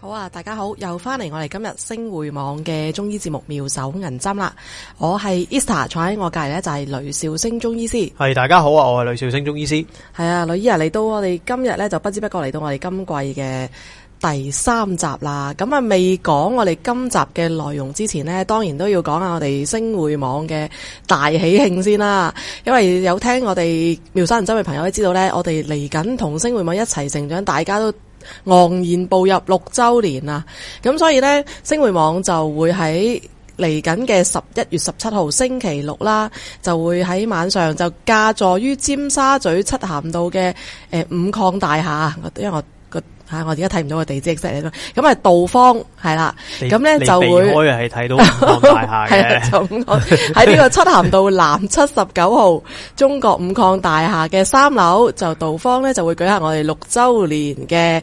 好啊！大家好，又翻嚟我哋今日星匯網嘅中醫節目《妙手銀針》啦。我係 Easter 坐喺我隔籬呢就係、是、雷少星中醫師。係大家好啊！我係雷少星中醫師。係啊，雷醫啊，嚟到我哋今日呢，就不知不覺嚟到我哋今季嘅第三集啦。咁啊，未講我哋今集嘅內容之前呢，當然都要講下我哋星匯網嘅大喜慶先啦。因為有聽我哋《妙手銀針》嘅朋友都知道呢，我哋嚟緊同星匯網一齊成長，大家都。昂然步入六周年啊！咁所以呢，星匯網就會喺嚟緊嘅十一月十七號星期六啦，就會喺晚上就駕座於尖沙咀漆咸道嘅誒、呃、五礦大廈，因為我。吓、啊！我而家睇唔到個地址，識你咯。咁啊，道方，係啦，咁咧你你就會開係睇到五礦大廈嘅， 就喺呢個漆咸道南七十九號 中國五礦大廈嘅三樓，就道方咧就會舉行我哋六周年嘅。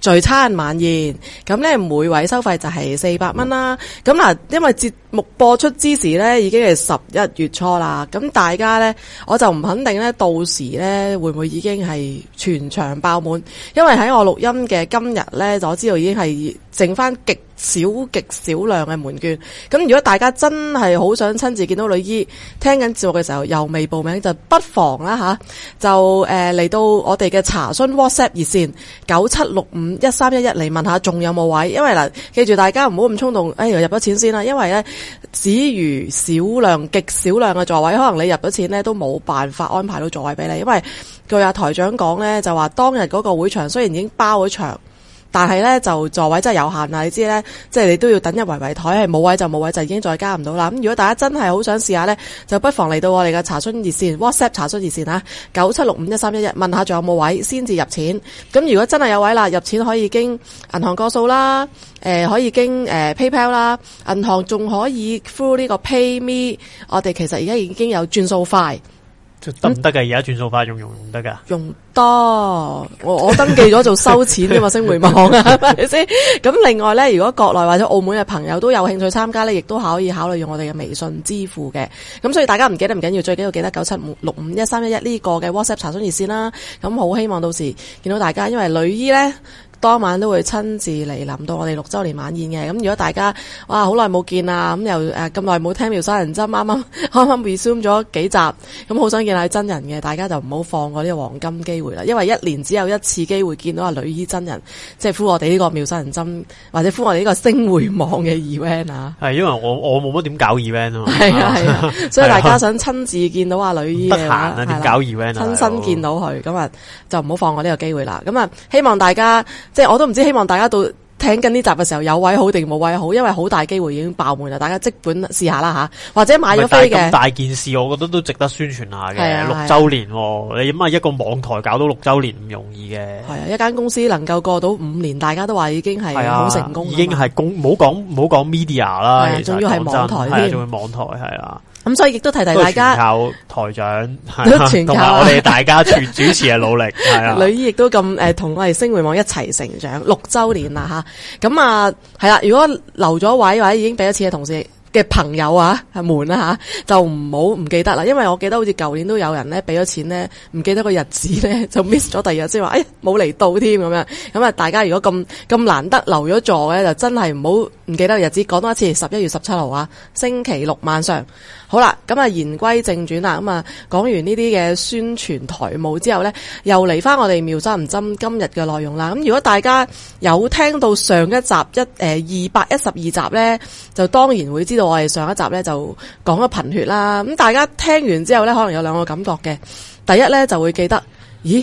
聚餐晚宴，咁呢每位收費就係四百蚊啦。咁嗱，因為節目播出之時呢已經係十一月初啦。咁大家呢，我就唔肯定呢到時呢會唔會已經係全場爆滿？因為喺我錄音嘅今日呢，就我知道已經係。剩翻極少極少量嘅門券，咁如果大家真係好想親自見到女醫聽緊節目嘅時候，又未報名，就不妨啦吓、啊，就誒嚟、呃、到我哋嘅查詢 WhatsApp 熱線九七六五一三一一嚟問下仲有冇位，因為嗱、啊，記住大家唔好咁衝動，哎入咗錢先啦，因為咧只餘少量極少量嘅座位，可能你入咗錢咧都冇辦法安排到座位俾你，因為據阿、啊、台長講咧就話當日嗰個會場雖然已經包咗場。但係咧就座位真係有限啦，你知咧，即係你都要等一圍圍台，係冇位就冇位，就已經再加唔到啦。咁如果大家真係好想試下咧，就不妨嚟到我哋嘅查詢熱線 WhatsApp 查詢熱線啊，九七六五一三一一問下仲有冇位先至入錢。咁如果真係有位啦，入錢可以經銀行過數啦，誒、呃、可以經誒、呃、PayPal 啦，銀行仲可以 through 呢個 PayMe，我哋其實而家已經有轉數快。得唔得㗎？而家轉數快用用唔得噶？用多我我登記咗做收錢嘅嘛，星回網啊，係咪先？咁另外咧，如果國內或者澳門嘅朋友都有興趣參加咧，亦都可以考慮用我哋嘅微信支付嘅。咁所以大家唔記，記，記得唔緊要，最緊要記得九七五六五一三一一呢個嘅 WhatsApp 查詢熱線啦。咁好希望到時見到大家，因為女醫咧。當晚都會親自嚟臨到我哋六周年晚宴嘅，咁如果大家哇，好耐冇見啦，咁又誒，咁耐冇聽《妙手銀針》，啱啱啱啱 resume 咗幾集，咁好想見下佢真人嘅，大家就唔好放過呢個黃金機會啦，因為一年只有一次機會見到阿女醫真人，即係敷我哋呢個《妙手銀針》，或者敷我哋呢個星匯網嘅 event 啊。係因為我我冇乜點搞 event 啊嘛，係 啊，係啊，所以大家想親自見到阿女醫嘅，不點搞 event 啊，親、啊啊、身見到佢，咁啊就唔好放過呢個機會啦。咁、嗯、啊，希望大家。即係我都唔知希望大家到聽緊呢集嘅時候有位好定冇位好，因為好大機會已經爆門啦，大家即本試下啦吓，或者買咗飛嘅。咁大件事，我覺得都值得宣傳下嘅。六周年，哦，你咁啊一個網台搞到六周年唔容易嘅。係啊，一間公司能夠過到五年，大家都話已經係好成功，已經係公，唔好講唔好講 media 啦。仲要係網台，仲要網台係啦。咁所以亦都提提大家，全靠台長同埋、啊啊、我哋大家全主持嘅努力，係 啊，女醫亦都咁誒，同、呃、我哋星匯網一齊成長六周年啦吓。咁啊，係、啊、啦、啊，如果留咗位或者已經俾一次嘅同事，嘅朋友啊，係門啦、啊、吓、啊，就唔好唔記得啦。因為我記得好似舊年都有人咧俾咗錢咧，唔記得個日子呢、哎、咧，就 miss 咗第二日，先話誒冇嚟到添咁樣。咁啊，大家如果咁咁難得留咗座咧，就真係唔好唔記得日子。講多一次，十一月十七號啊，星期六晚上。好啦，咁啊言歸正傳啦，咁啊講完呢啲嘅宣傳台務之後咧，又嚟翻我哋妙手銀針今日嘅內容啦。咁如果大家有聽到上一集一誒二百一十二集咧，就當然會知。上一集咧就講咗貧血啦，咁大家聽完之後咧，可能有兩個感覺嘅。第一咧就會記得，咦，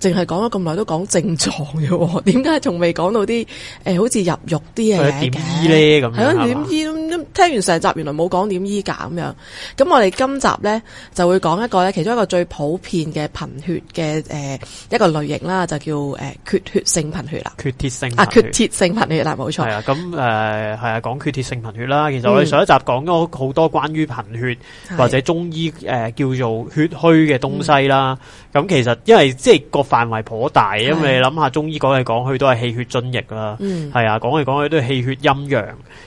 淨係講咗咁耐都講症狀嘅，點解仲未講到啲誒、呃、好似入藥啲嘢嘅？點醫咧，咁係咯，樣對點醫。吧聽完成集，原來冇講點醫假。咁樣，咁我哋今集呢，就會講一個呢，其中一個最普遍嘅貧血嘅誒、呃、一個類型啦，就叫誒、呃、缺血性貧血啦。缺鐵性啊，缺鐵性貧血嗱，冇錯。係啊，咁誒係啊，講、呃啊、缺鐵性貧血啦。其實我哋上一集講咗好多關於貧血、嗯、或者中醫誒、呃、叫做血虛嘅東西啦。嗯咁其實因為即係個範圍頗大，因為的、嗯、你諗下中醫講嚟講去都係氣血津液啦，係啊、嗯，講嚟講去都係氣血陰陽，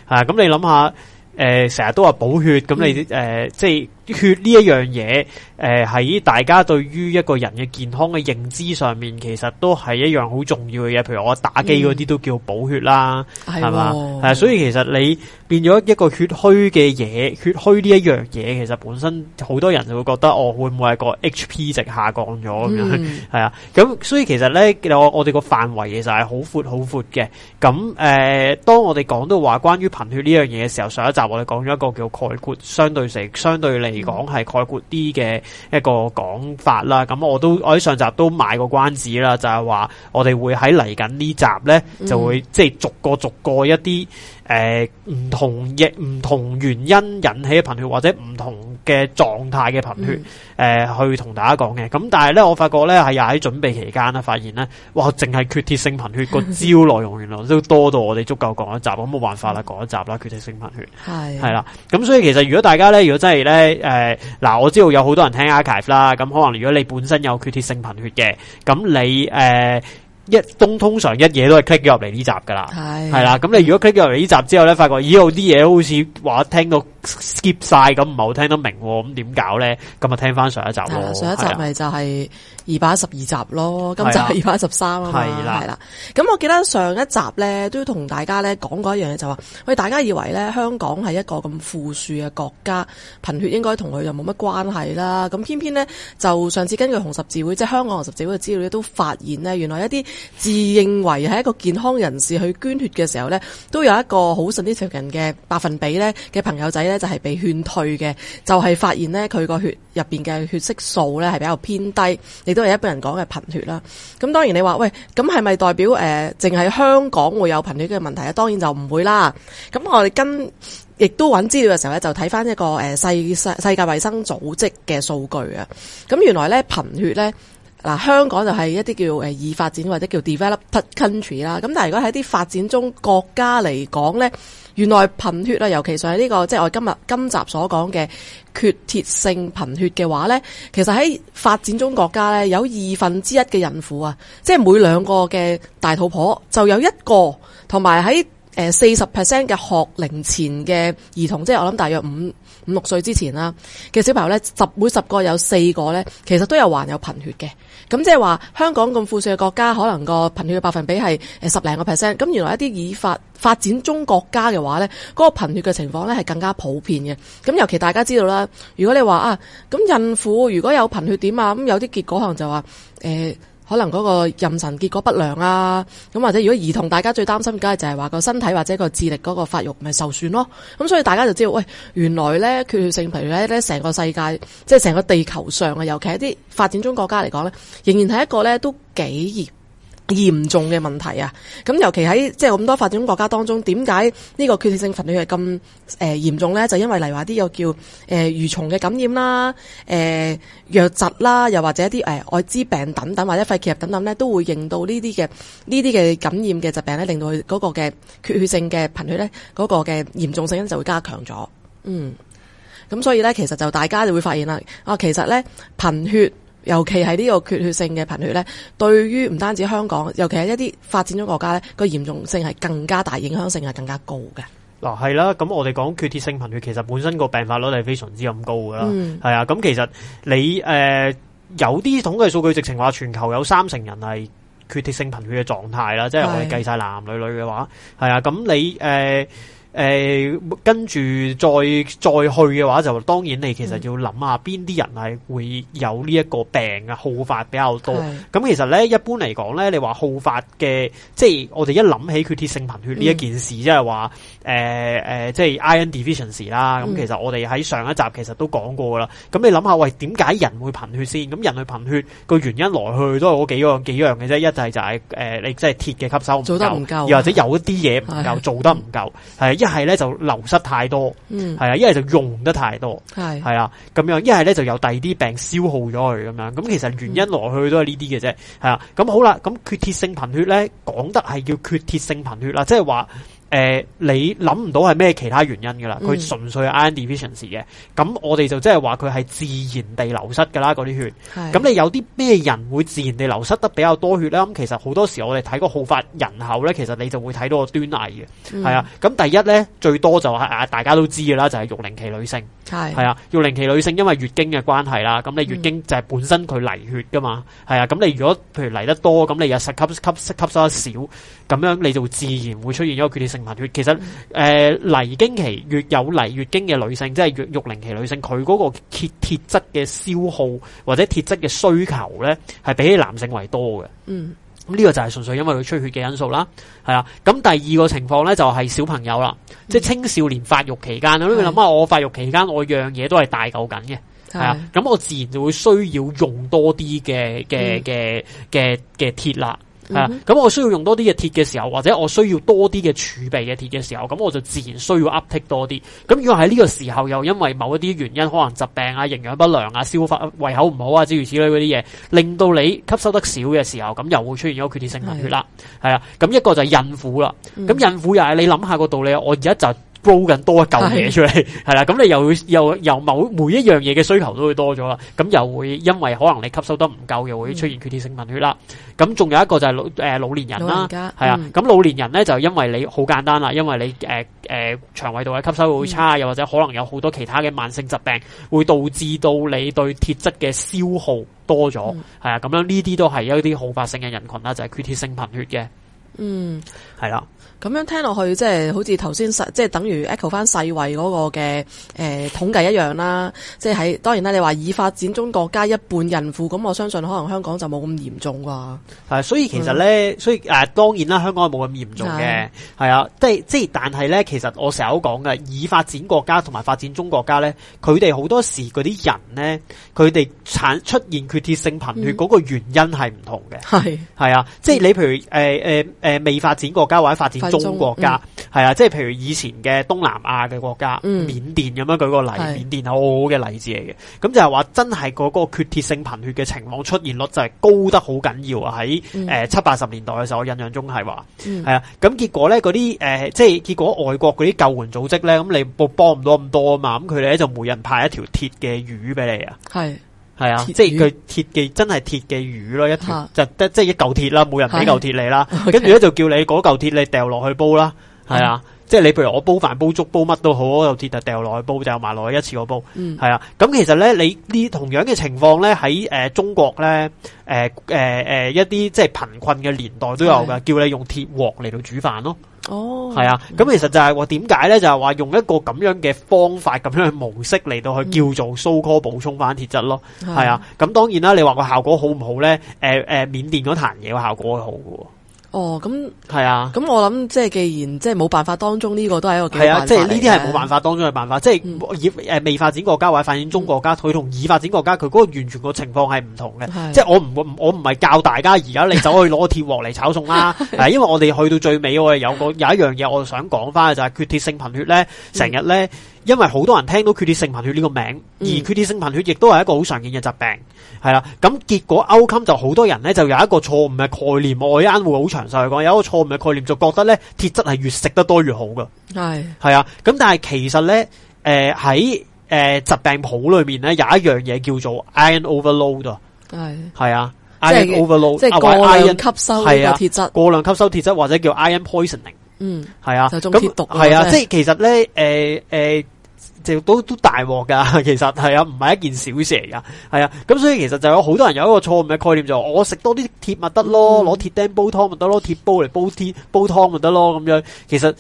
咁你諗下，呃、成日都話補血，咁你、呃、即係。血呢一樣嘢，誒、呃、喺大家對於一個人嘅健康嘅認知上面，其實都係一樣好重要嘅嘢。譬如我打機嗰啲都叫補血啦，係嘛，係，所以其實你變咗一個血虛嘅嘢，血虛呢一樣嘢，其實本身好多人就會覺得，哦，會唔會係個 HP 值下降咗咁樣？係、嗯、 啊，咁所以其實咧，我我哋個範圍其實係好闊好闊嘅。咁誒、呃，當我哋講到話關於貧血呢樣嘢嘅時候，上一集我哋講咗一個叫概括相對性相對嚟。嚟講，係、嗯、概括啲嘅一個講法啦，咁我都我喺上集都賣過關子啦，就係、是、話我哋會喺嚟緊呢集咧，就會即係、就是、逐個逐個一啲。誒，唔同、呃、亦唔同原因引起嘅貧血，或者唔同嘅狀態嘅貧血，誒、嗯呃，去同大家講嘅。咁但係咧，我發覺咧係又喺準備期間咧，發現咧，哇，淨係缺鐵性貧血個招內容原來都多到我哋足夠講一集，我冇辦法啦，講一集啦，缺鐵性貧血係係啦。咁是的、嗯、所以其實如果大家咧，如果真係咧，誒，嗱，我知道有好多人聽 Archive 啦、嗯，咁可能如果你本身有缺鐵性貧血嘅，咁、嗯、你誒。呃一通通常一嘢都係 click 咗入嚟呢集㗎喇，係啦的，咁的你如果 click 咗入嚟呢集之後咧，發覺咦有啲嘢好似話聽到。skip 晒，咁唔係好聽得明喎，咁點搞咧？咁啊聽翻上一集咯，上一集咪就係二百一十二集咯，了今集係二百一十三啊嘛，係啦了，咁了我記得上一集咧都同大家咧講過一樣嘢，就話喂，大家以為咧香港係一個咁富庶嘅國家，貧血應該同佢又冇乜關係啦，咁偏偏咧就上次根據紅十字會即係香港紅十字會嘅資料咧，都發現呢，原來一啲自認為係一個健康人士去捐血嘅時候咧，都有一個好順啲長人嘅百分比咧嘅朋友仔。咧就係被勸退嘅，就係發現咧佢個血入邊嘅血色素咧係比較偏低，亦都係一般人講嘅貧血啦。咁當然你話喂，咁係咪代表誒淨係香港會有貧血嘅問題啊？當然就唔會啦。咁我哋跟亦都揾資料嘅時候咧，就睇翻一個誒世世世界衛生組織嘅數據啊。咁原來咧貧血咧。嗱，香港就係一啲叫誒已發展或者叫 developed country 啦。咁但係如果喺啲發展中國家嚟講咧，原來貧血啦，尤其係呢個即係我今日今集所講嘅缺鐵性貧血嘅話咧，其實喺發展中國家咧，有二分之一嘅孕婦啊，即係每兩個嘅大肚婆就有一個，同埋喺誒四十 percent 嘅學齡前嘅兒童，即係我諗大約五。五六歲之前啦嘅小朋友呢，十每十個有四個呢，其實都有患有貧血嘅。咁即係話香港咁富庶嘅國家，可能個貧血嘅百分比係誒十零個 percent。咁原來一啲以發發展中國家嘅話呢，嗰個貧血嘅情況呢係更加普遍嘅。咁尤其大家知道啦，如果你話啊，咁孕婦如果有貧血點啊，咁有啲結果可能就話誒。欸可能嗰個妊娠結果不良啊，咁或者如果兒童，大家最擔心，梗係就係話個身體或者個智力嗰個發育咪受損咯。咁所以大家就知道，喂，原來咧缺鐵性貧血咧，成個世界，即係成個地球上啊，尤其係一啲發展中國家嚟講咧，仍然係一個咧都幾嚴嚴重嘅問題啊！咁尤其喺即係咁多發展中國家當中，點解，呃、呢個缺血性貧血係咁誒嚴重咧？就因為例如話啲又叫誒蠕蟲嘅感染啦，誒瘧疾啦，又或者啲誒艾滋病等等，或者肺結核等等咧，都會令到呢啲嘅呢啲嘅感染嘅疾病咧，令到佢嗰個嘅缺血性嘅貧血咧，嗰，那個嘅嚴重性咧就會加強咗。嗯，咁所以咧，其實就大家就會發現啦，哦，啊，其實咧貧血。尤其係呢個缺血性嘅貧血咧，對於唔單止香港，尤其係一啲發展中國家咧，個嚴重性係更加大，影響性係更加高嘅。嗱、啊，係啦，咁我哋講缺鐵性貧血，其實本身個病發率係非常之咁高噶啦，係啊、嗯，咁其實你誒、呃、有啲統計數據直情話全球有三成人係缺鐵性貧血嘅狀態啦，即係我哋計晒男男女女嘅話，係啊是的，咁你誒。呃誒、呃，跟住再再去嘅話，就當然你其實要諗下邊啲人係會有呢一個病嘅。好發、嗯、比較多。咁是其實咧，一般嚟講咧，你話好發嘅，即係我哋一諗起缺鐵性貧血呢一件事，嗯、即係話。誒誒、呃，即係 Iron Deficiency 啦。咁、嗯、其實我哋喺上一集其實都講過啦。咁你諗下，喂，點解人會貧血先？咁人去貧血個原因來去都係嗰幾個幾個樣嘅啫。一就係就係誒，你、呃、即係鐵嘅吸收唔夠，又或者有啲嘢唔夠，係，做得唔夠。係一係咧就流失太多，係啊、嗯，一係就用得太多，係啊，咁樣一係咧就有第二啲病消耗咗佢咁樣。咁其實原因來去都係呢啲嘅啫。係啊，咁好啦，咁缺鐵性貧血咧講得係叫缺鐵性貧血啦，即係話。誒、呃，你諗唔到係咩其他原因噶啦？佢純粹係 e n d i v i s i o n 嘅，咁我哋就即係話佢係自然地流失噶啦，嗰啲血。咁是你有啲咩人會自然地流失得比較多血咧？咁、嗯、其實好多時我哋睇個好發人口咧，其實你就會睇到個端倪嘅。係、嗯、啊，咁第一咧，最多就係啊，大家都知噶啦，就係育齡期女性。係是啊，育齡期女性因為月經嘅關係啦，咁你月經就係本身佢嚟血噶嘛。係啊，咁你如果譬如嚟得多，咁你又吸吸吸收得少，咁樣你就自然會出現咗個血其實誒嚟、嗯呃、經期越有嚟月經嘅女性，即係育育齡期女性，佢嗰個鐵鐵質嘅消耗或者鐵質嘅需求咧，係比起男性為多嘅。嗯，咁呢個就係純粹因為佢出血嘅因素啦。係啦、啊，咁第二個情況咧就係、是、小朋友啦，嗯、即係青少年發育期間啦。是你諗下，我發育期間我一樣嘢都係大嚿緊嘅，係是啊，咁我自然就會需要用多啲嘅嘅嘅嘅嘅鐵啦。啊！咁 我需要用多啲嘅鐵嘅時候，或者我需要多啲嘅儲備嘅鐵嘅時候，咁我就自然需要 update 多啲。咁如果喺呢個時候又因為某一啲原因，可能疾病啊、營養不良啊、消化胃口唔好啊，諸如此類嗰啲嘢，令到你吸收得少嘅時候，咁又會出現咗缺鐵性貧血啦。係啊是的，咁一個就係孕婦啦。咁孕婦又係你諗下個道理，我而家就。煲緊多一嚿嘢出嚟，係啦，咁你又又又某每一樣嘢嘅需求都會多咗啦，咁又會因為可能你吸收得唔夠，又會出現缺鐵性貧血啦。咁仲有一個就係老誒老年人啦，係啊，咁老年人咧就因為你好簡單啦，因為你誒誒腸胃度嘅吸收會好差，又或者可能有好多其他嘅慢性疾病會導致到你對鐵質嘅消耗多咗，係啊，咁樣呢啲都係一啲好發性嘅人群啦，就係缺鐵性貧血嘅，嗯，係啦。咁樣聽落去，即係好似頭先，即係等於 echo 翻世衛嗰個嘅誒、呃、統計一樣啦。即係喺當然啦，你話以發展中國家一半孕婦，咁我相信可能香港就冇咁嚴重啩。係，所以、嗯、其實咧，所以誒、啊，當然啦，香港係冇咁嚴重嘅，係啊。即係即係，但係咧，其實我成日都講嘅，已發展國家同埋發展中國家咧，佢哋好多時嗰啲人咧，佢哋產出現缺鐵性貧血嗰個原因係唔同嘅。係係啊，即係你譬如誒誒誒，未發展國家或者發展。中國家係、嗯、啊，即係譬如以前嘅東南亞嘅國家，嗯、緬甸咁樣舉個例，是緬甸好好嘅例子嚟嘅。咁就係話真係嗰、嗰個嗰個缺鐵性貧血嘅情況出現率就係高得好緊要啊！喺誒、嗯呃、七八十年代嘅時候，我印象中係話係啊。咁結果咧，嗰啲誒即係結果外國嗰啲救援組織咧，咁你幫唔到咁多啊嘛，咁佢哋咧就每人派一條鐵嘅魚俾你啊。係。係啊，鐵魚即係佢鐵嘅真係鐵嘅魚咯，一條哈就得即係一嚿鐵啦，每人俾嚿鐵你啦，跟住咧就叫你嗰嚿鐵你掉落去煲啦，係、嗯、啊。即係你譬如我煲飯、煲粥、煲乜都好，嗰個鐵就掉落去煲，就埋落去一次過煲，係、嗯、啊。咁其實咧，你呢同樣嘅情況咧，喺、呃、中國咧，誒、呃、誒、呃呃、一啲即係貧困嘅年代都有㗎，是的 叫你用鐵鍋嚟到煮飯咯。哦，係啊。咁、嗯嗯、其實就係話點解咧？就係、是、話用一個咁樣嘅方法、咁樣嘅模式嚟到去叫做蘇、so、科補充翻鐵質咯。係、嗯、是的 啊。咁當然啦，你話個效果好唔好咧？誒、呃、誒、呃，緬甸嗰壇嘢個效果會好㗎喎。哦，咁係啊，咁我諗即係既然即係冇辦法當中呢、這個都係一個係啊，即係呢啲係冇辦法當中嘅辦法，即係以誒未發展國家或者發展中國，國家，佢同已發展國家佢嗰個完全個情況係唔同嘅，啊、即係我唔係我唔係教大家而家你走去攞鐵鑊嚟炒餸啦，係因為我哋去到最尾我哋有個有一樣嘢我哋想講翻嘅就係、是、缺鐵性貧血咧，成日咧。嗯因為好多人聽到缺鐵性貧血呢個名，而缺鐵性貧血亦都係一個好常見嘅疾病，係啦。咁、嗯嗯、結果歐襟就好多人咧，就有一個錯誤嘅概念，我啱會好詳細去講，有一個錯誤嘅概念就覺得咧鐵質係越食得多越，越好噶。係係啊，咁但係其實咧，誒喺誒疾病譜裏面咧有一樣嘢叫做 iron overload，係係啊，iron overload，即係過量吸收鐵質，鐵質，過量吸收鐵質或者叫 iron poisoning。嗯，係啊，咁係啊，即係其實咧，誒、呃、誒。呃就都都大鑊噶，其實係啊，唔係一件小事嚟噶，係啊，咁所以其實就有好多人有一個錯誤嘅概念，就是，我食多啲鐵咪得咯，攞鐵釘煲湯咪得咯，鐵煲嚟煲鐵煲湯咪得咯，咁樣其實誒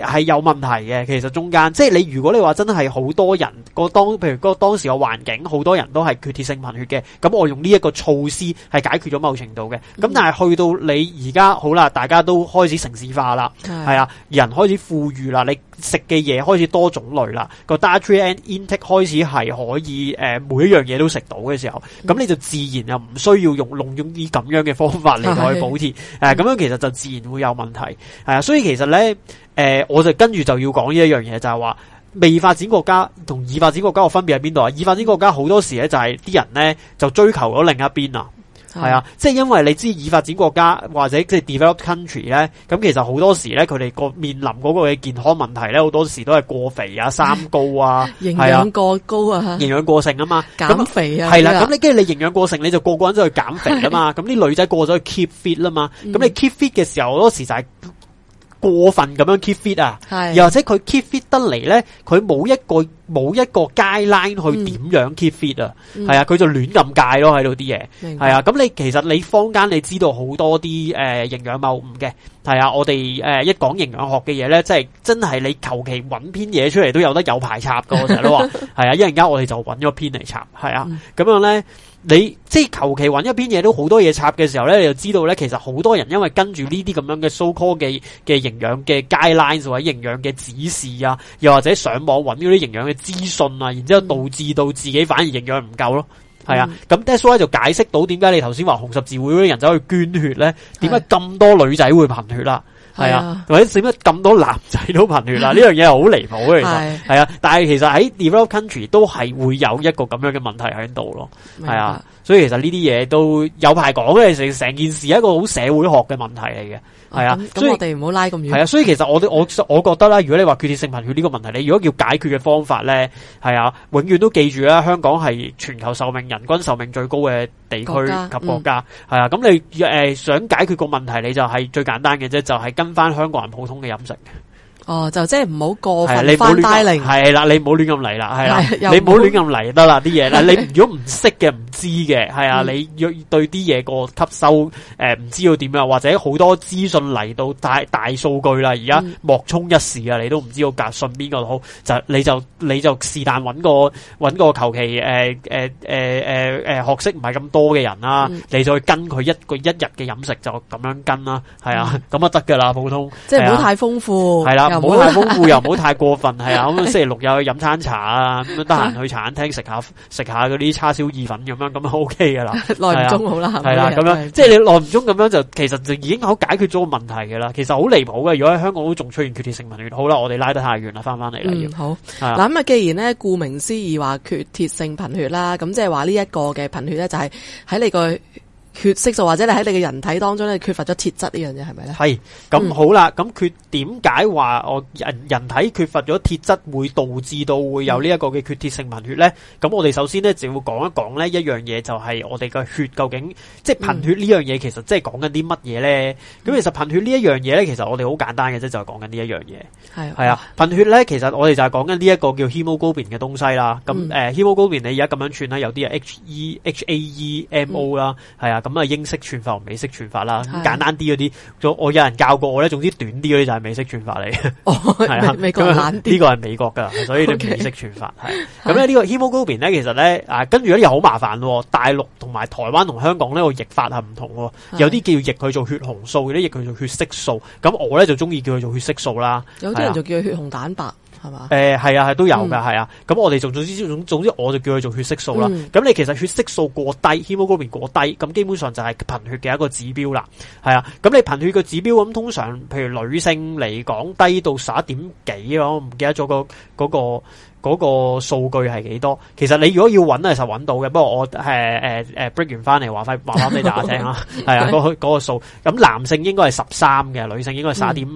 係、呃、有問題嘅，其實中間即係你如果你話真係好多人個當，譬如個當時個環境，好多人都係缺鐵性貧血嘅，咁我用呢一個措施係解決咗某程度嘅，咁但係去到你而家好啦，大家都開始城市化啦，係啊，啊，人開始富裕啦，你食嘅嘢開始多種類啦。個 data intake 開始係可以誒、呃，每一樣嘢都食到嘅時候，咁、嗯、你就自然啊，唔需要用弄用啲咁樣嘅方法嚟去補鐵，誒、嗯啊，咁樣其實就自然會有問題，係啊，所以其實咧，誒、呃，我就跟住就要講呢一樣嘢，就係話未發展國家同已發展國家嘅分別喺邊度啊？已、嗯、發展國家好多時咧就係、是、啲人咧就追求咗另一邊啊。係啊，即係因為你知已發展國家或者即係 developed country 咧，咁其實好多時咧，佢哋個面臨嗰個嘅健康問題咧，好多時都係過肥啊、三高啊、營養 過高啊、營養、啊、過剩啊嘛，減肥啊，係啦，咁你跟住你營養過剩，你就個個人都去減肥啊嘛，咁啲的女仔過咗去 keep fit 啊嘛，咁、嗯、你 keep fit 嘅時候，好多時就係、是。過分咁樣 keep fit 啊，又或者佢 keep fit 得嚟咧，佢冇一個冇一個 guideline 去點樣 keep fit 啊，係啊，佢就亂咁介咯喺度啲嘢，係啊，咁你其實你坊間你知道好多啲誒營養謬誤嘅，係啊，我哋誒一講營養學嘅嘢咧，即係真係你求其揾篇嘢出嚟都有得有排插噶，我成日都話，係啊，一陣間我哋就揾咗篇嚟插，係啊，咁樣咧。你即係求其揾一邊嘢都好多嘢插嘅時候咧，你就知道咧，其實好多人因為跟住呢啲咁樣嘅 so called 嘅嘅營養嘅 guidelines 或者營養嘅指示啊，又或者上網揾嗰啲營養嘅資訊啊，然之後導致到自己反而營養唔夠咯，係啊，咁 Doctor、嗯、就解釋到點解你頭先話紅十字會嗰啲人走去捐血咧，點解咁多女仔會貧血啦，啊？係啊，啊或者使乜咁多男仔都貧血啦？呢樣嘢係好離譜嘅，其實係 啊。但係其實喺 develop country 都係會有一個咁樣嘅問題喺度咯，係啊。所以其實呢啲嘢都有排講嘅，成成件事係一個好社會學嘅問題嚟嘅。係啊，嗯、所以我哋唔好拉咁遠。係啊，所以其實我我我覺得啦，如果你話缺鐵性貧血呢個問題，你如果要解決嘅方法咧，係啊，永遠都記住啦、啊，香港係全球壽命、人均壽命最高嘅地區家及國家，係、嗯、啊，咁你誒、呃、想解決個問題，你就係最簡單嘅啫，就係、是、跟翻香港人普通嘅飲食。哦，就即係唔好過分帶零，係啦，你唔好亂咁嚟？啦，係啦，你唔好亂咁嚟就得啦啲嘢啦。你如果唔識嘅、唔知嘅，係啊，你要對啲嘢個吸收誒唔知要點樣，或者好多資訊嚟到大大數據啦，而家莫衷一是啊，你都唔知道該信邊個好，就你就你就是但揾個揾個求其誒誒誒誒誒學識唔係咁多嘅人啦，你再跟佢一個一日嘅飲食就咁樣跟啦，係啊，咁啊得㗎啦，普通即係唔好太豐富，係啦。唔好太豐富又唔好太過分，係 啊！咁星期六又去飲餐茶啊，咁 樣得閒去茶餐廳食下食下嗰啲叉燒意粉咁樣，咁就 OK 嘅啦，係 啊，咁天、啊、樣、嗯、即係你耐唔中咁樣就其實就已經好解決咗個問題嘅啦。其實好離譜嘅，如果喺香港都仲出現缺鐵性貧血，好啦，我哋拉得太遠啦，翻返嚟啦，好。嗱咁啊，既然咧，顧名思義話缺鐵性貧血啦，咁即係話呢一個嘅貧血咧，就係喺你個血色素就或者你喺你嘅人體當中咧，缺乏咗鐵質樣是是呢樣嘢，係咪咧？係，咁好啦，咁、嗯、缺點解話我人人體缺乏咗鐵質會導致到會有呢一個嘅缺鐵性貧血咧？咁、嗯、我哋首先咧就要講一講咧一樣嘢，就係我哋嘅血究竟即係貧血呢樣嘢，其實即係講緊啲乜嘢咧？咁、嗯、其實貧血呢一樣嘢咧，其實我哋好簡單嘅啫，就係講緊呢一樣嘢係係啊貧血咧，其實我哋就係講緊呢一個叫 hemoglobin 嘅東西啦。咁誒、嗯呃、hemoglobin 你而家咁樣串咧，有啲係 h e h、A、e m o 啦、嗯，係啊。咁啊英式串法同美式串法啦，是簡單啲嗰啲，我有，有人教過我咧，總之短啲嗰啲就係美式串法嚟。係、哦、 啊，個美國，呢個係美國噶，所以係美式串法。係咁咧，呢個 hemoglobin 咧，其實咧啊跟住，咧又好麻煩，大陸同埋台灣同香港呢個譯法係唔同，是有啲叫譯佢做血紅素，有啲譯佢做血色素。咁我咧就中意叫佢做血色素啦。有啲些人就、啊、叫佢血紅蛋白。係嘛？誒，係、呃、啊，係都有噶，係、嗯、啊。咁我哋仲總之總之，總之我就叫佢做血色素啦。咁、嗯、你其實血色素過低，血紅、嗯、過低，咁基本上就係貧血嘅一個指標啦。係啊，咁你貧血嘅指標咁、嗯，通常譬如女性嚟講，低到十一點幾咯，我唔記得咗個嗰個。嗰個嗰個數據係幾多少？其實你如果要揾，其就揾到嘅。不過我誒誒誒 break 完翻嚟話翻話俾大家聽啊，係啊， 嗰、 嗰個數。咁男性應該係十三嘅，女性應該係十點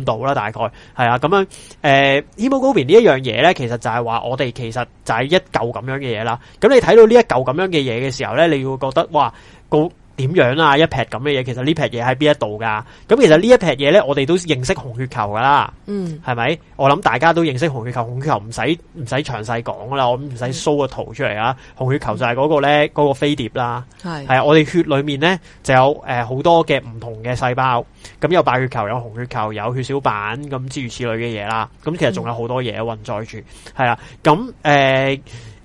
五度啦，大概係啊。咁、嗯、樣誒 h、呃、Hemoglobin 呢一樣嘢咧，其實就係話我哋其實就係一嚿咁樣嘅嘢啦。咁你睇到呢一嚿咁樣嘅嘢嘅時候咧，你會覺得哇，好～點樣啊？一劈咁嘅嘢，其實呢劈嘢喺邊一度噶？咁其實呢一劈嘢咧，我哋都認識紅血球噶啦，嗯，係咪？我諗大家都認識紅血球，紅血球唔使唔使詳細講噶啦，我唔使 show 個圖出嚟啊，嗯、紅血球就係嗰個咧，嗰、嗯、個飛碟啦，係係是我哋血裏面咧就有誒好、呃、多嘅唔同嘅細胞，咁有白血球，有紅血球，有血小板，咁諸如此類嘅嘢啦，咁其實仲有好多嘢運載住，係啊、嗯，咁誒。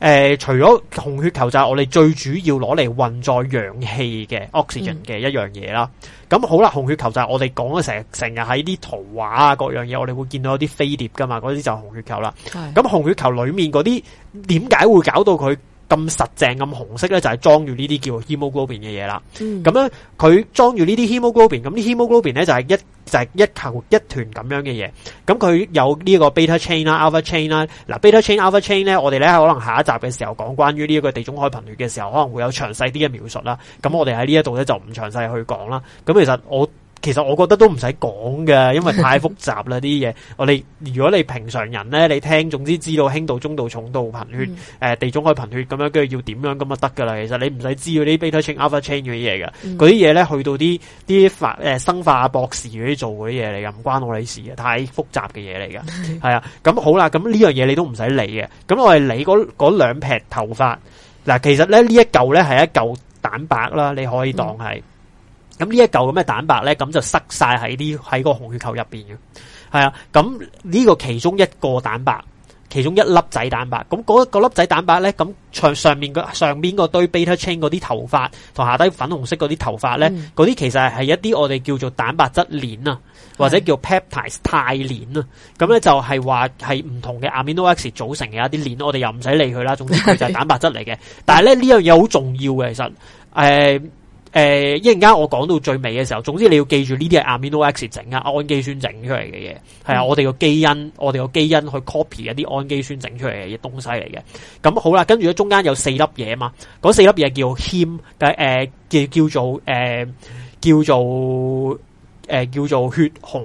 誒、呃，除咗紅血球就係我哋最主要攞嚟運載氧氣嘅 oxygen 嘅一樣嘢啦。咁、嗯、好啦，紅血球就係我哋講咗成日成日喺啲圖畫啊各樣嘢，我哋會見到有啲飛碟噶嘛，嗰啲就係紅血球啦。咁對 紅血球裡面嗰啲點解會搞到佢？咁實淨咁紅色咧，就係、是、裝住、嗯、呢啲叫 hemoglobin 嘅嘢啦。咁、就、樣、是，佢裝住呢啲 hemoglobin，咁啲 hemoglobin 咧就係一就係一球一團咁樣嘅嘢。咁佢有呢個 chain, chain,、啊、chain, chain, 呢個 beta chain 啦，alpha chain 啦。嗱，beta chain、alpha chain 咧，我哋咧可能下一集嘅時候講關於呢一個地中海貧血嘅時候，可能會有詳細啲嘅描述啦。咁我哋喺呢一度咧就唔詳細去講啦。咁其實我。其實我覺得都唔使講嘅，因為太複雜啦啲嘢。 我哋如果你平常人咧，你聽，總之知道輕度、中度、重度貧血，誒、嗯呃、地中海貧血咁樣，跟住要點樣咁就得噶啦。其實你唔使知嗰啲 beta chain、alpha chain 嗰啲嘢嘅，嗰啲嘢咧去到啲啲化誒生化、啊、博士啲做嗰啲嘢嚟，唔關我哋事嘅，太複雜嘅嘢嚟噶。係啊， 咁好啦，咁呢樣嘢你都唔使理嘅。咁我係理嗰嗰兩撇頭髮。嗱，其實咧呢一嚿咧係一嚿蛋白啦，你可以當係。嗯咁呢一嚿咁嘅蛋白咧，咁就塞晒喺啲喺個紅血球入邊嘅，係啊。咁呢個其中一個蛋白，其中一粒仔蛋白，咁嗰嗰粒仔蛋白咧，咁上上面個上邊堆 beta chain 嗰啲頭髮，同下低粉紅色嗰啲頭髮咧，嗰啲、嗯、其實係一啲我哋叫做蛋白質鏈啊，是的 或者叫 peptides 肽鏈啊。咁咧就係話係唔同嘅 amino acids 組成嘅一啲鏈，我哋又唔使理佢啦。總之佢就係蛋白質嚟嘅。 但係咧呢樣嘢好重要嘅，其實，誒、呃。誒，一陣間我講到最尾嘅時候，總之你要記住呢啲係 amino acid 整啊，氨基酸整出嚟嘅嘢，係、嗯、啊，我哋個基因，我哋個基因去 copy 一啲氨基酸整出嚟嘅東西嚟嘅。咁好啦，跟住咧中間有四粒嘢嘛，嗰四粒嘢叫 heme 嘅，呃、叫、叫做、呃、叫做、呃、叫做、呃、叫做血紅、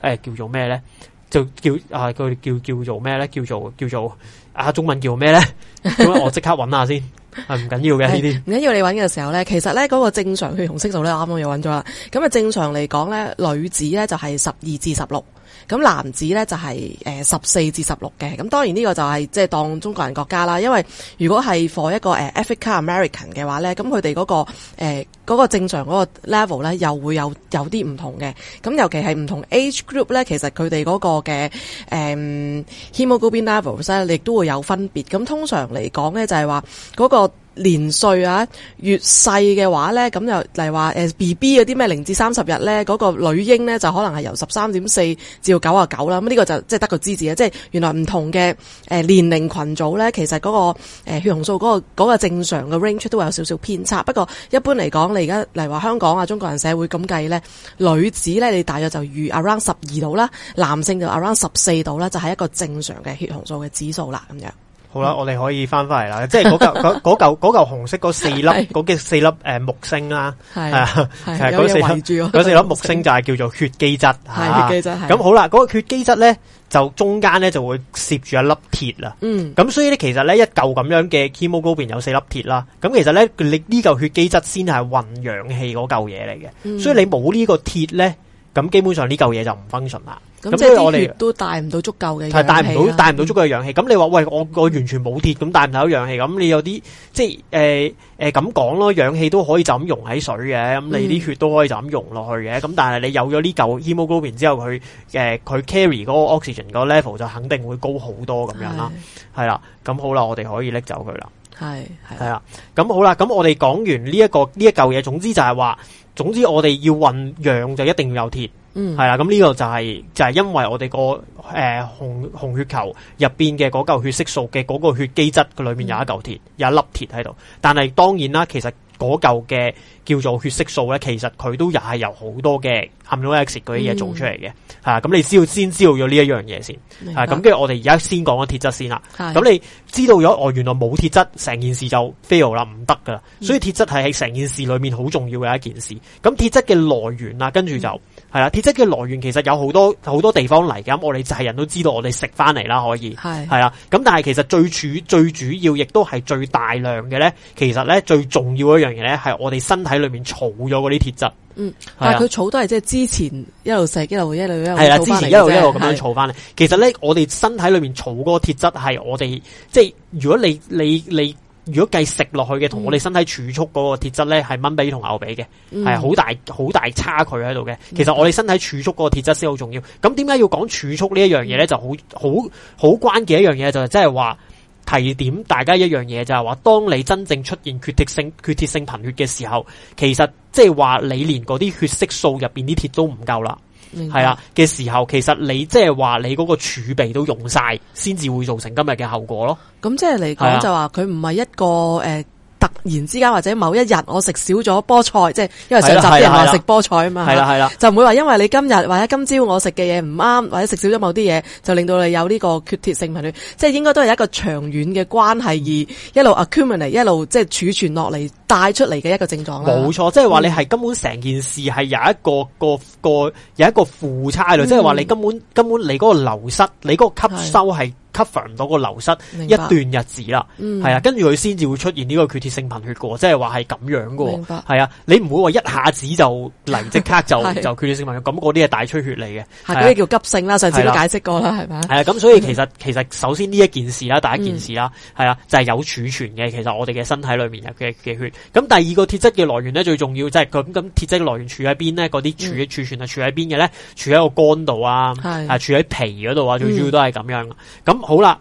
呃、叫做咩咧？就叫啊佢叫叫做咩咧？叫做叫做啊中文叫咩咧？咁我即刻揾下先。係唔緊要嘅呢啲。唔緊 要。你揾嘅時候咧，其實咧嗰、嗰個正常血紅色素咧，啱啱又揾咗啦。咁啊，正常嚟講咧，女子咧就係十二至十六。咁男子咧就係誒十四至十六嘅，咁、嗯、當然呢個就係即係當中國人國家啦，因為如果係 for 一個、uh, African American 嘅話咧，咁佢哋嗰個嗰、呃嗰個正常嗰個 level 咧，又會有有啲唔同嘅，咁、嗯、尤其係唔同 age group 咧，其實佢哋嗰個嘅、嗯、hemoglobin levels 咧，亦都會有分別。咁、嗯、通常嚟講咧，就係話嗰個。年歲啊，越細嘅話咧，咁就嚟話誒 B B 嗰啲咩零至三十日咧，嗰、嗰個女嬰咧就可能係由十三點四至到九啊九啦。咁呢個就即係得個知字啊，即係原來唔同嘅誒年齡群組咧，其實嗰個誒血紅素嗰個嗰個正常嘅 range 都有少少偏差。不過一般嚟講，你而家嚟話香港啊，中國人社會咁計咧，女子咧你大約就如 around 十二度啦，男性就 around 十四度啦，就係、係、一個正常嘅血紅素嘅指數啦，咁樣。好啦，我哋可以翻翻嚟啦，即係嗰嚿紅紅色嗰四粒嘅四粒誒木星啦，係啊，係嗰四粒四粒木星就係叫做血基質，係血基質咁好啦，嗰個血基質咧就中間咧就會攝住一粒鐵啦，嗯，咁所以咧其實咧一嚿咁樣嘅 hemoglobin 有四粒鐵啦，咁其實咧你呢嚿血基質先係混氧氣嗰嚿嘢嚟嘅，所以你冇呢個鐵咧。咁基本上呢嚿嘢就唔 function 啦，咁即係我哋都帶唔到足夠嘅、啊，係帶唔到帶唔到足夠嘅氧氣。咁你話喂，我我完全冇鐵，咁帶唔到氧氣。咁你有啲即係誒誒咁講咯，氧氣都可以就咁溶喺水嘅，咁你啲血都可以就咁溶落去嘅。咁、嗯、但係你有咗呢嚿 hemoglobin 之後，佢誒佢 carry 嗰個 oxygen 嘅 level 就肯定會高好多咁樣啦。係啦，咁好啦，我哋可以拎走佢啦。係係啦，咁好啦，咁我哋講完呢一個呢一嚿嘢，總之就係話。總之我哋要運氧就一定要有鐵，係啦、嗯，咁呢個就係、是、就係、是、因為我哋、個誒、呃、紅紅血球入邊嘅嗰嚿血色素嘅嗰個血基質嘅裏面有一嚿鐵，嗯、有一粒鐵喺度，但係當然啦，其實。嗰嚿嘅叫做血色素咧，其實佢都又係由好多嘅 hemoglobin 嗰啲嘢做出嚟嘅，吓咁、嗯啊、你先先知道咗呢一樣嘢先，咁跟住我哋而家先講咗鐵質先啦，咁的你知道咗哦，原來冇鐵質，成件事就 fail 啦，唔得噶啦，所以鐵質係喺成件事裏面好重要嘅一件事，咁鐵質嘅來源啦、啊，跟住就、嗯。係啦，鐵質嘅來源其實有好多好多地方嚟噶，我哋就係人都知道，我哋食翻嚟啦，可以係係啦。咁是的 但係其實最主最主要，亦都係最大量嘅咧，其實咧最重要的一樣嘢咧，係我哋身體裏面儲咗嗰啲鐵質。嗯，是的 但係佢儲都係即係之前一路食，一路一路一路咁樣儲翻。係啦，之前一路一路咁樣儲翻是的 其實咧，我哋身體裏面儲嗰個鐵質係我哋即係如果你你你。你如果計食落去嘅，同我哋身體儲蓄嗰個鐵質咧，係蚊比同牛比嘅，係好大好大差距喺度嘅。其實我哋身體儲蓄嗰個鐵質先好重要。咁點解要講儲蓄這件事呢一樣嘢？咧，就好好好關鍵一樣嘢就係、係，即係話提點大家一樣嘢就係話，當你真正出現缺鐵性缺鐵性貧血嘅時候，其實即係話你連嗰啲血色素入邊啲鐵都唔夠啦。係明啊，嘅時候，其實你即係話你嗰個儲備都用晒，先至會造成今日嘅後果咯。咁即係嚟講就話佢唔係一個誒。呃突然之間或者某一日我食少咗菠菜，即係因為上集啲人話食菠菜啊嘛，係啦係啦，是是是就唔會話因為你今日或者今朝我食嘅嘢唔啱，或者食少咗某啲嘢，就令到你有呢個缺鐵性貧血，即係應該都係一個長遠嘅關係而一路 accumulate 一路即係儲存落嚟帶出嚟嘅一個症狀啦。冇錯，即係話你係根本成件事係有一個個，個有一個負差咯，即係話你根本根本你嗰個流失，你嗰個吸收係。cover 唔到個流失一段日子啦，係、嗯、啊，跟住佢先至會出現呢個缺鐵性貧血嘅，即係話係咁樣嘅，係白啊，你唔會話一下子就嚟即刻就 是就缺鐵性貧血，咁嗰啲係大出血嚟嘅，吓嗰啲叫急性啦，上次都解釋過啦，係咪？係啊，咁吧、啊、所以其實其實首先呢一件事啦，第一件事啦，係、嗯、啊，就係、是、有儲存嘅，其實我哋嘅身體裏面嘅嘅血，咁第二個鐵質嘅來源咧，最重要就係咁咁鐵質嘅來源儲喺邊咧？嗰啲儲儲存處呢、嗯、處啊，儲喺邊嘅咧？儲喺個肝度啊，係儲喺脾嗰度啊，嗯、最主要都係咁樣咁。好啦，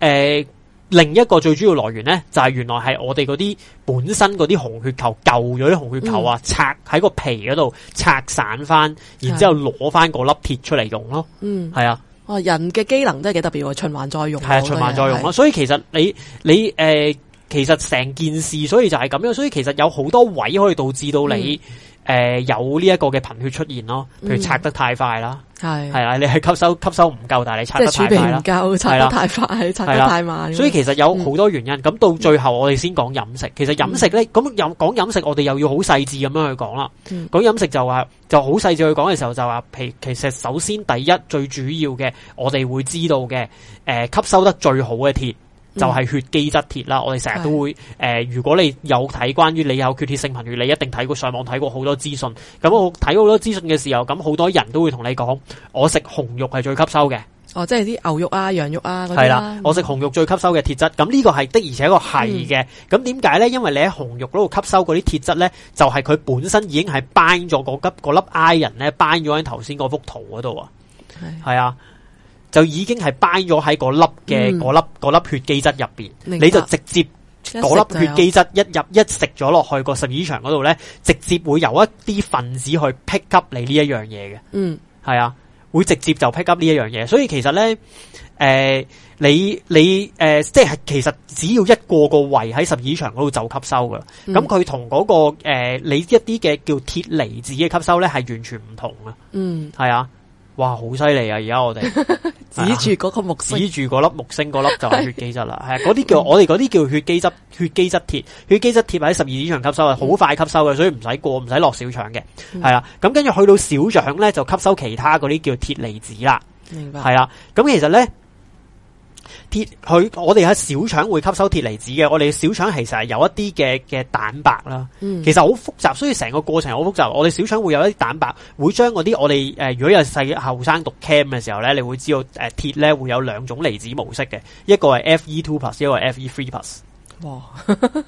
誒、呃，另一個最主要來源咧，就係、是、原來係我哋嗰啲本身嗰啲紅血球舊咗啲紅血球啊，嗯、拆喺個皮嗰度拆散翻，然之後攞翻嗰粒鐵出嚟用咯。嗯，係啊。人嘅機能真係幾特別喎，循環再、啊、再用。係啊，循環再用咯。所以其實你你誒、呃，其實成件事，所以就係咁樣。所以其實有好多位可以導致到你。誒、呃，有呢一個嘅貧血出現咯，譬如拆得太快啦，係係啦，你係吸收吸收唔夠，但係你拆得太快啦，夠，拆得太快，拆得太慢，所以其實有好多原因。咁、嗯、到最後我哋先講飲食，其實飲食咧，咁飲講飲食我哋又要好細致咁樣去講啦。講飲、嗯、食就話就好細致去講嘅時候就話，其其實首先第一最主要嘅，我哋會知道嘅，誒、呃、吸收得最好嘅鐵。就係血肌質鐵啦，我哋成日都會誒、呃，如果你有睇關於你有缺鐵性貧血，你一定睇過上網睇過好多資訊。咁我睇好多資訊嘅時候，咁好多人都會同你講，我食紅肉係最吸收嘅。哦，即係啲牛肉啊、羊肉啊嗰啦。係啦、啊，我食紅肉最吸收嘅鐵質。咁呢個係的，的，而且確係嘅。咁點解呢？因為你喺紅肉嗰度吸收嗰啲鐵質呢，就係、是、佢本身已經係 b 咗嗰粒 i 人呢，n 咗喺頭先嗰幅圖嗰度啊。係係啊！就已經係掰咗喺嗰粒嘅嗰粒、嗯、粒血基質入邊，白你就直接嗰粒血基質一入一食咗落去個有十二腸嗰度咧，直接會由一啲分子去 pick up 你呢一樣嘢嘅。嗯，係啊，會直接就 pick up 呢一樣嘢。所以其實咧，誒、呃，你你誒、呃，即係其實只要一過個胃喺十二腸嗰度就吸收噶啦。咁佢同嗰個誒、呃、你一啲嘅叫鐵離子嘅吸收咧係完全唔同、嗯、啊，嗯，係啊。哇，好犀利啊！而家我哋 指住嗰木星、啊，指住嗰粒木星嗰粒就係血基質啦。係 啊，嗰啲叫我哋嗰啲叫血基質、血基質鐵、血基質鐵喺十二指腸吸收啊，好快吸收嘅，所以唔使過，唔使落小腸嘅。係、嗯、啊，咁跟住去到小腸咧，就吸收其他嗰啲叫鐵離子啦。明白。係啊，咁、嗯、其實咧。鐵，佢我哋喺小腸會吸收鐵離子嘅，我哋小腸其實係有一啲嘅嘅蛋白啦，嗯、其實好複雜，所以成個過程好複雜。我哋小腸會有一啲蛋白會將嗰啲我哋誒、呃，如果有細後生讀 Chem 嘅時候咧，你會知道誒、呃、鐵咧會有兩種離子模式嘅，一個係 Fe two plus，一個係 Fe three plus。哇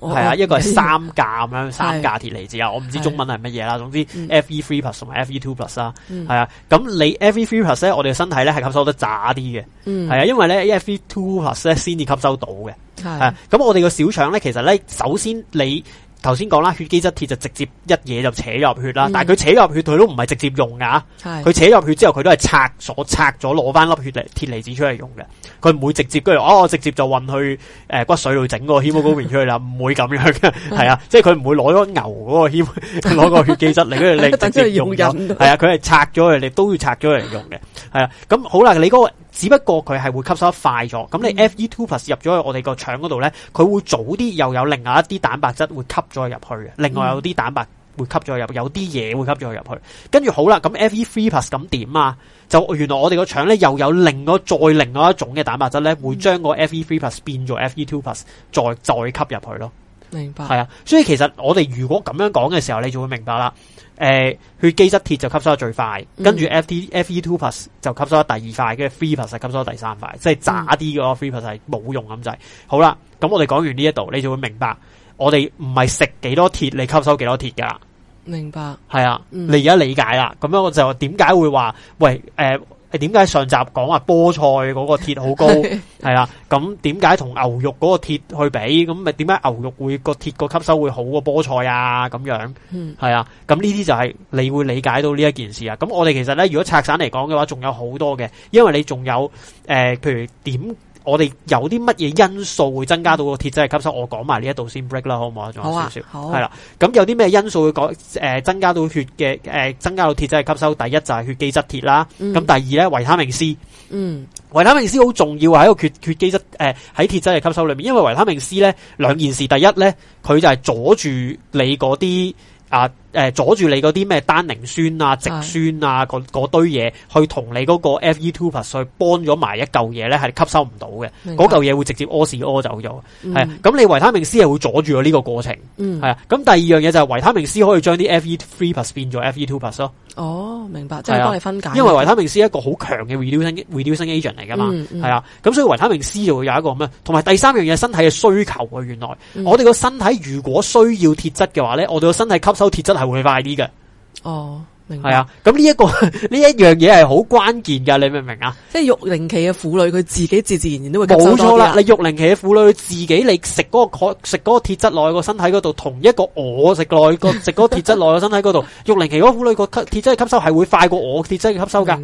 係啊，一個係三價咁樣，三價鐵離子啊，我唔知中文係乜嘢啦。總之，F E three plus 同埋 F E two plus 啦，係啊。咁你 F E three plus 咧，我哋嘅身體咧係吸收得渣啲嘅，係、嗯、啊。因為咧，E F E two plus 咧先至吸收到嘅，係啊。咁我哋個小腸咧，其實咧，首先你。頭先講啦，血基質鐵就直接一嘢就扯入血啦，但係佢扯入血，佢都唔係直接用噶，佢扯入血之後，佢都係拆所拆咗攞翻粒血嚟，鐵離子出嚟用嘅，佢唔會直接嘅哦，直接就運去誒骨髓度整個纖毛 i n 出去啦，唔會咁樣嘅，係啊，即係佢唔會攞咗牛嗰個攞個血基質嚟嗰度你直接用，係啊，佢係拆咗佢，你都要拆咗嚟用嘅，係啊，咁好啦，你嗰個。只不過佢係會吸收得快咗，咁你 F E two plus 入咗去我哋個腸嗰度呢，佢會早啲又有另外一啲蛋白質會吸咗入去嘅，另外有啲蛋白會吸咗入，有啲嘢會吸咗入去。跟住好啦，咁 F E three plus 咁點啊？就原來我哋個腸呢，又有另外再另外一種嘅蛋白質呢，會將個 F E three plus 變咗 F E two plus 再再吸入去咯。明白？係啊，所以其實我哋如果咁樣講嘅時候，你就會明白啦。誒，佢、呃、血基質鐵就吸收得最快，跟住 F D F E two plus 就吸收得第二快，跟住 three plus 吸收得第三快，嗯、即係渣啲嗰個 three plus 係冇用咁滯，好啦，咁我哋講完呢一度，你就會明白我，我哋唔係食幾多鐵你吸收幾多鐵噶明白，係啊，你而家理解啦。咁樣我就點解會話？喂，誒、呃。點解上集講話菠菜嗰個鐵好高，係啦、 啊，咁點解同牛肉嗰個鐵去比，咁咪點解牛肉會個鐵個吸收會好過菠菜啊？咁樣，係、嗯、啊，咁呢啲就係你會理解到呢一件事啊。咁我哋其實咧，如果拆散嚟講嘅話，仲有好多嘅，因為你仲有誒、呃，譬如點。我哋有啲乜嘢因素會增加到個鐵質嘅吸收？我講埋呢一度先 break 啦、啊，好唔好？仲有少少。好啊。好。係啦，咁有啲咩因素會、呃、增加到血嘅、呃、增加到鐵質嘅吸收？第一就係血基質鐵啦。咁、嗯、第二咧維他命 C。嗯。維他命 C 好、嗯、重要啊！喺個血血基質喺鐵、呃、質嘅吸收裏面，因為維他命 C 咧兩件事。第一咧，佢就係阻住你嗰啲啊。呃誒、呃，阻住你嗰啲咩單寧酸啊、植酸啊，嗰的堆嘢去同你嗰個 Fe two plus 去幫咗埋一嚿嘢咧，係吸收唔到嘅，嗰嚿嘢會直接屙屎屙走咗。係啊、嗯，咁你維他命 C 係會阻住咗呢個過程。嗯，係啊。咁第二樣嘢就係維他命 C 可以將啲 Fe three plus 變咗 Fe two plus 咯。哦，明白，即係幫你分解。因為維他命 C 係一個好強嘅 reducing reducing agent 嚟噶嘛，係啊、嗯。咁、嗯、所以維他命 C 就會有一個咩？同埋第三樣嘢，身體嘅需求啊，原來、嗯、我哋個身體如果需要鐵質嘅話咧，我哋個身體吸收鐵質就會快啲㗎，哦，明白，係啊，咁呢、呢個、一個呢一樣嘢係好關鍵噶，你明唔明啊？即係育齡期嘅婦女，佢自己自自然然都會冇錯啦。你育齡期嘅婦女，佢自己你食嗰、那個食嗰個鐵質內個身體嗰度，同一個我食內食個食嗰個鐵質內個身體嗰度，育齡 期嗰個婦女個吸鐵質嘅吸收係會快過我鐵質嘅吸收噶。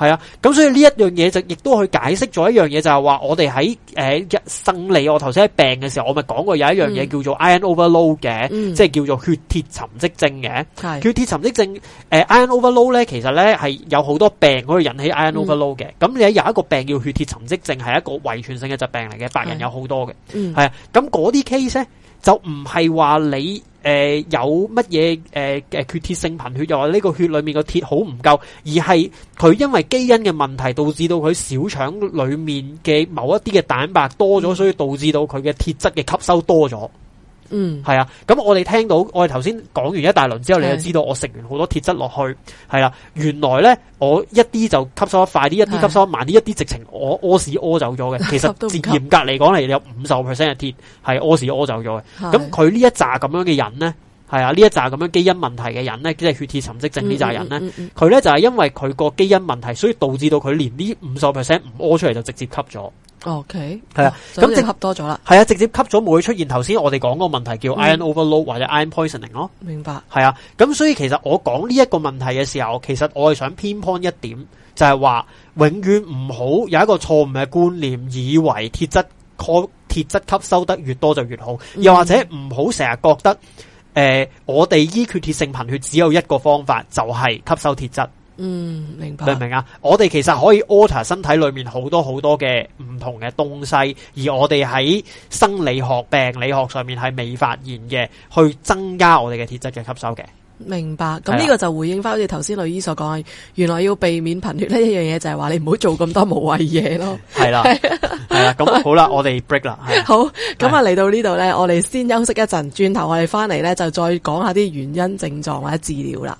係啊，咁所以呢一樣嘢就亦都去解釋咗一樣嘢，就係話我哋喺誒生理，我頭先喺病嘅時候，我咪講過有一樣嘢叫做 iron overload 嘅，嗯、即係叫做血鐵沉積症嘅。嗯、血鐵沉積症誒、呃、iron overload 咧，其實咧係有好多病可以引起 iron overload 嘅。咁、嗯、你有一個病叫血鐵沉積症，係一個遺傳性嘅疾病嚟嘅，白人有好多嘅，係、嗯、啊。咁嗰啲 case 咧，就唔係話你。誒、呃，有乜嘢？誒、呃、誒，缺鐵性貧血，又話呢個血裏面個鐵好唔夠，而係佢因為基因嘅問題，導致到佢小腸裏面嘅某一啲嘅蛋白多咗，所以導致到佢嘅鐵質嘅吸收多咗。嗯是，係啊，咁我哋聽到我哋頭先講完一大輪之後，你就知道我食完好多鐵質落去，係啦是的，原來咧我一啲就吸收得快啲，一啲吸收得慢啲，是的 一啲直情我屙屎屙走咗嘅。其實嚴、嚴格嚟講嚟有五十 percent 嘅鐵係屙屎屙走咗嘅。咁佢是的 呢一紮咁樣嘅人咧。係啊，呢一紮咁樣基因問題嘅人咧，即係血鐵沉積症呢扎人咧，佢咧、嗯嗯嗯嗯、就係、是、因為佢個基因問題，所以導致到佢連呢五十 percent 唔屙出嚟就直接吸咗。OK，係、嗯、啊，咁整、哦啊、合多咗啦。係啊，直接吸咗冇會出現頭先我哋講嗰個問題叫 iron overload、嗯、或者 iron poisoning 咯、哦。明白。係啊，咁所以其實我講呢一個問題嘅時候，其實我係想偏幫一點就，就係話永遠唔好有一個錯誤嘅觀念，以為鐵質吸鐵質吸收得越多就越好，又或者唔好成日覺得。誒、呃，我哋醫缺鐵性貧血只有一個方法，就係、是、吸收鐵質。嗯，明白。明唔明啊？我哋其實可以 alter 身體裏面好多好多嘅唔同嘅東西，而我哋喺生理學、病理學上面係未發現嘅，去增加我哋嘅鐵質嘅吸收嘅。明白，咁呢個就回應翻好似頭先女醫所講，的原來要避免貧血呢一樣嘢就係話你唔好做咁多無謂嘢咯。係啦， 係啦，咁好啦，我哋 break 啦。好，咁啊嚟到呢度咧，的我哋先休息一陣，轉頭我哋翻嚟咧就再講下啲原因、症狀或者治療啦。